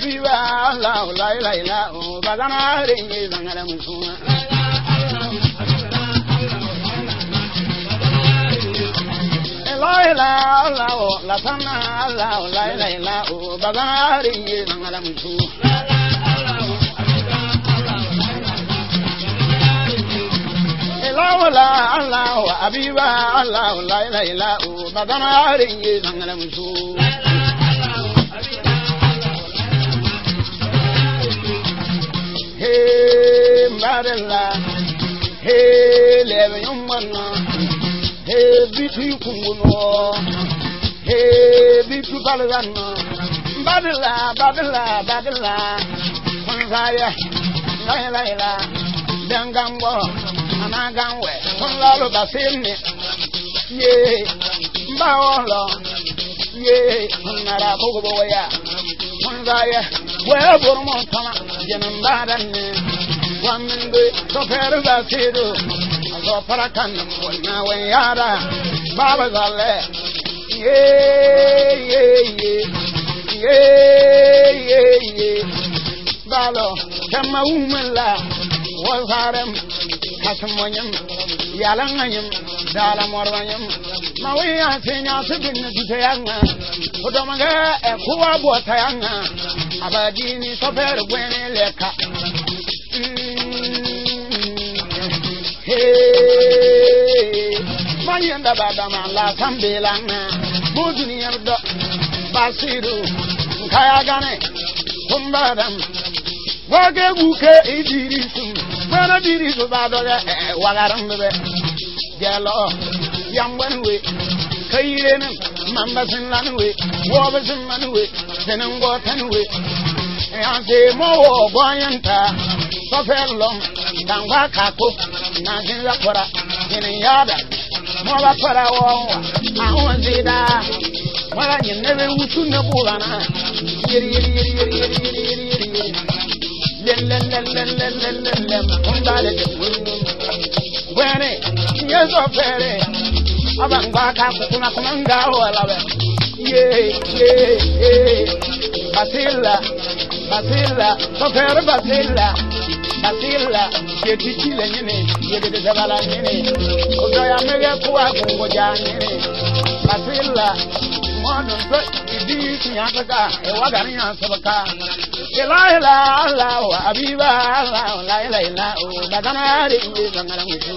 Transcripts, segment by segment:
habiba allah la ilaha illa hu bagana renye zangara musuma la ilaha illa hu la sana allah la ilaha illa o, bagana renye zangara musuma la Allah wa abiba o, la ilaha illa hu bagana renye zangara musuma Hey, Marilla. Hey, Larry, your man. Hey, Bitu Kumuno. Hey, Bitu Balagana. Babila, Babila, Babila. Kunzaya. Laila, Laila. Dangambo. Anagamwe. Kunlalo Basini. Yay. Mbaolo. Yay. Nara Bogoboya. Kunzaya. Where Burmo Tama. Yenim badanne Waminde Sofer basiru Azo parakan Wanya wenyara Baba zale Ye ye ye Ye ye ye Balo Kama umela Wazarem Hasmonyem Yalanganyem Dala morwanyem Mawiya sinya sibinne tuteyanga Kudomaga ekuwa buwatayanga abadini sọfẹrẹ gbẹrin lẹka. mayin mm. da badama la sanbela na bu duniyar dɔ basiru nkaya gane tumbadam wage buke idirisu mana dirisu ba dɔgɛ wagarin bɛ gɛlɔ yangbɛnwe kayirenin mamba sinanwe wobe sinanwe senengo tanwe ante mowo goyanta sofelom tangwa kako na jinja kora yinin yada moba kora wawa ahun zida wala nyin nebe wutu na bulana yiri yiri Yeri yeri yeri yeri yeri yeri yeri lem lem lem lem lem lem lem lem kundale de wene yeso fere abangwaka kukuna kumanga walabe ye ye ye basila basila sofere basila basila yetichile nyini yegedezebala nyini ozoyamege kuwa kungoja nyini basila mɔnu ŋdɔ ìdí tìyànsaka ìwádà ni yàn sọ̀bọ̀ka. ìlàhìlà aláwọ̀ àbíbá aláwọ̀ láyìlà ìlà ò dàgánná rè é gbàngàrà wòtú.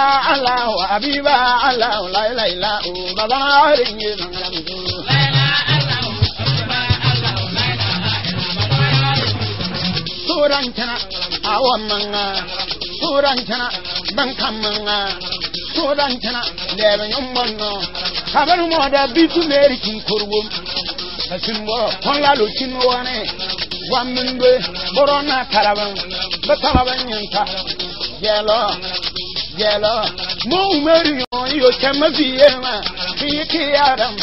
Allah wa habiba Allah la ilaha illa hu baba rin yi mangaram du suran kana awon manga suran kana bankan manga suran kana lebe yomban no kabar da bitu meri kin kurwum kasimbo kon lalo kin wane borona taraban bataraban yanta yelo jelo mu meri on yo chama fiema ki ki adam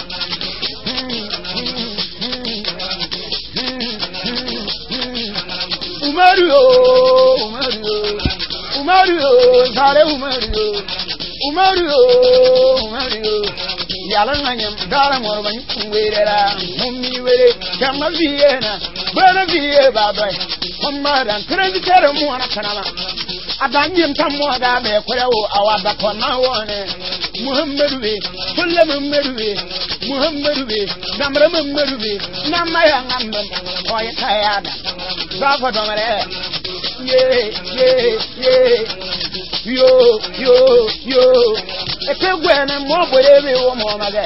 Umaru o Umaru o Umaru o sare Umaru o Umaru o Umaru o yalan hanyar gara morban were la mummi were kama fiye na bana fiye babai amma dan kare mu ana kanama adanyi ntamwa da me kwarewo awada kona wone muhammadu be kulle muhammadu be muhammadu be namra muhammadu be namaya ngambe oye kayada bafo domere ye ye ye yo yo yo ekegwene mo bore mi wo mo mage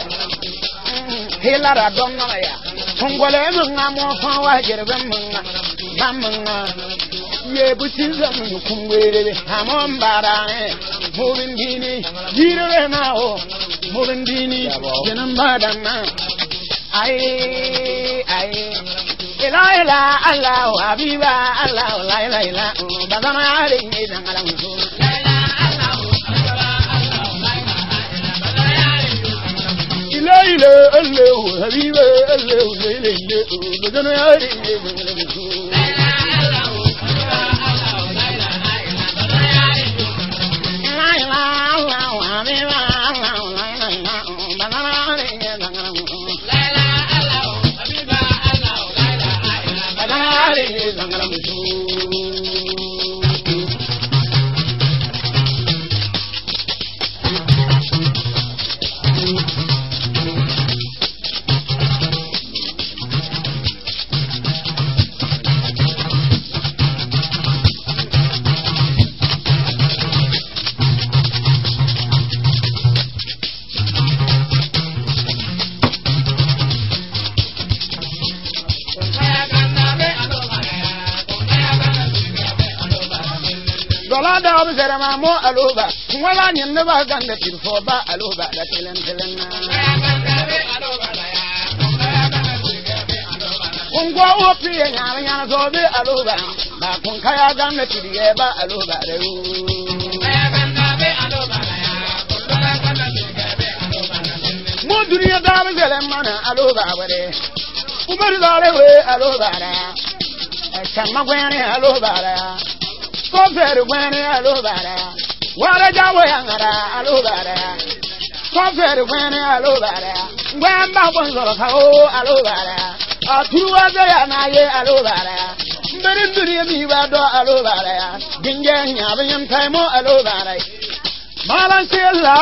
hilara donna ya tungole mi ngamo kwa wa jerbe mnga mnga ye busin zanu nukun werere amon bara ne eh. murin dini jirere na o murin dini jinin badan na aye aye ila ila allah habiba allah la ila ila bazama are ne dan ala musu ile ile ele o habiba ele o ile ile bazama are ne dan ala musu Swami Sola da ob zera ma mo aloba. Wala ni ne ba ganda tir fo ba aloba da telen telen na. Kungwa opi ya nyana nyana zobe aloba. Ba kun kaya ganda tir ye ba aloba da u. Mo duniya da ob zera mana aloba wale. Umar zare we aloba da. Chamma gwene aloba da kọfẹ̀rì gbẹ́ni alóbàárà wọ́rẹ́jáwó yàngàrà alóbàárà kọfẹ̀rì gbẹ́ni alóbàárà gbẹ́nbà bọ̀ sọ̀rọ̀ kàwó alóbàárà ọ̀túwọ́sẹ̀ yà náà yé alóbàárà mbẹ́rẹ́ mbẹ́rẹ́ yẹn mi bá dọ̀ alóbàárà gbẹ̀ngẹ́ nyàbẹ̀ yẹn tẹ̀ mọ́ alóbàárà balanse la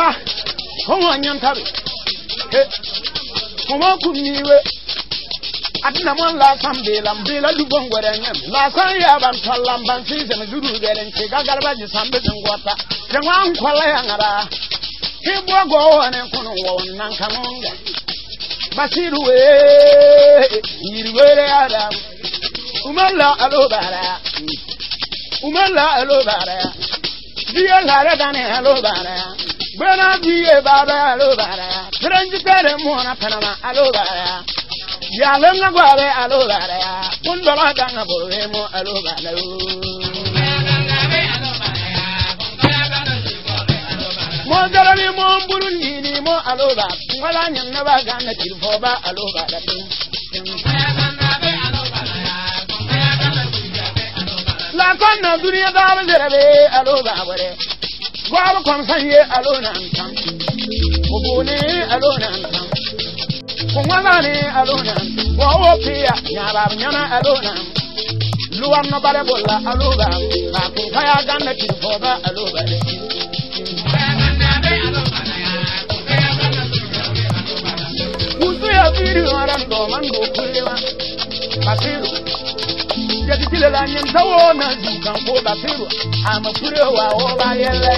kọ́ńwó nyẹ́ntàbí kọ́ńwó kùn níwẹ̀. adina mon la sam de lam de la lubon gwere nyam la san ya ban kallam ban sin zan zuru gere nke gagar ba ji sam be ngwata de wan kwala ya ngara ki bo go wane kunu won nan kamonga basiru we yirwere adam umalla alo bara umalla alo bara biye lare dane alo bara gbena biye baba alo bara trenji tere mona panama alo bara yalin na gware a lobara ya kun da mata na burbe mu a lobara mo darani mo burundi ni mo aloba wala nyen na ba ga na tirfo ba aloba da la kon na duniya ba ba zarabe aloba bare gwa ba kon ko alona Kungwamani alunam, wawo pia, nyabab nyana alunam. Luam no bare bola alubam, aku kaya ganda kirfoba alubale. Kusuya viri waran doman go kulewa, basiru. Jadi kilela nyenta wona zukan ko basiru, ama kulewa oba yele.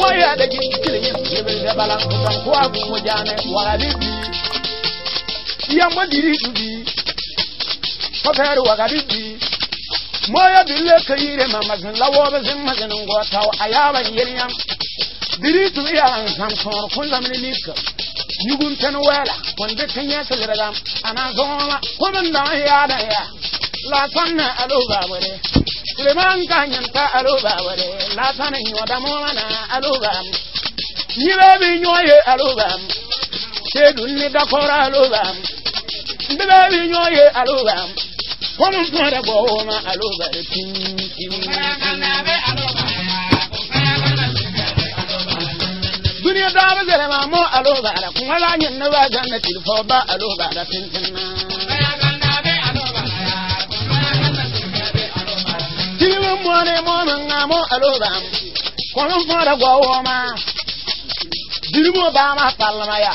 Moya de gikile nyenta kibele balangu kan ko aku mojane wala bibi ya madiri shubi fakairu wa garibi moya bille kayire ma magin lawo ba zin maginin gota wa ayaban yiryan biri tu iya an san kor kun zamani nika yugun tan wala kun da kan ya sallara ana zoma kun da ya da ya la sanna aluba bare Suleman kanyan ta aluba bare la sanin yoda mo mana aluba ni be bi nyoye aluba shedun ni dakora aluba mbebe bi nyo ye aloba kono mpara bo ma aloba tin tin duniya da ba zere ma mo aloba da kuma la nyin na ba janna til fo ba aloba da na tin na Tiriwa mo ne mo nga mo aloba kono mpara bo ma dirimo ba ma palma ya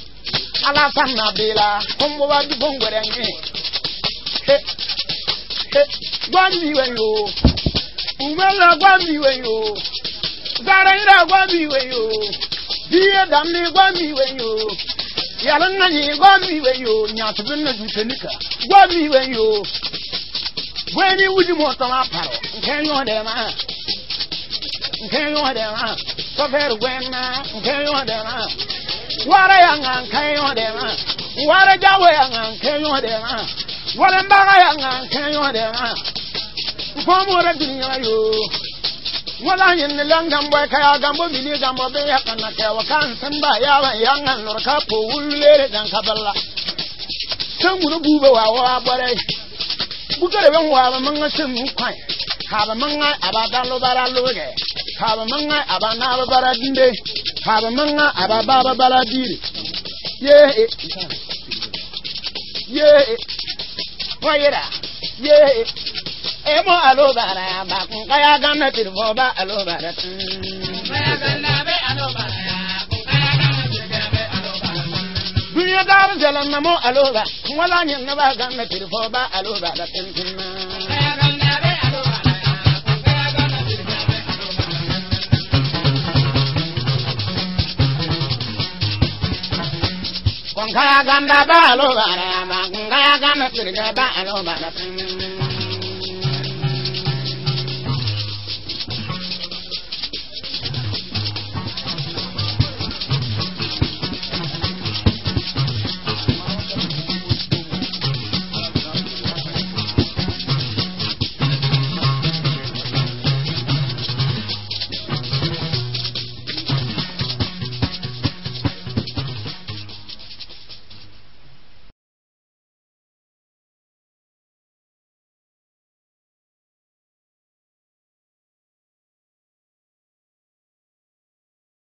ala sanna bela kongo wa du bongo renge he he gwami weyo umela gwami weyo zaraira gwami weyo biye damne gwami weyo yalan na ye gwami weyo nyatu bin na dutenika gwami weyo gweni wuji mota ma paro nke yo de ma nke yo de ma so gwen na nke yo de ma wara ya ngan kai yo de ma wara jawo ya ngan kai yo de ma wara mbaga ya ngan kai yo de ma fomu re dunya yo wala yin lan gambo kaya gambo mini gambo be ya kana kaya wakan san ba ya wa ya ngan lor ka po wulle dan kaballa san gudu bube wa wa bare bukare ben wa ba manga san kwai ka ba manga abada lo bara lo ge ka ba manga abana lo bara dinde haba maŋa aba baaba bala diire yee yee wayira yee emo alo bara ya ba kun kaya ganna tirbo ba alo bara tun kaya ganna be alo bara ya kun kaya ganna tirbo be alo bara duniya dar jalan namo alo ba wala nyen na ba ganna tirbo ba alo bara tun tun Kun kaya ganda ba lo bara ba, kun kaya ganda cirga ba lo bara.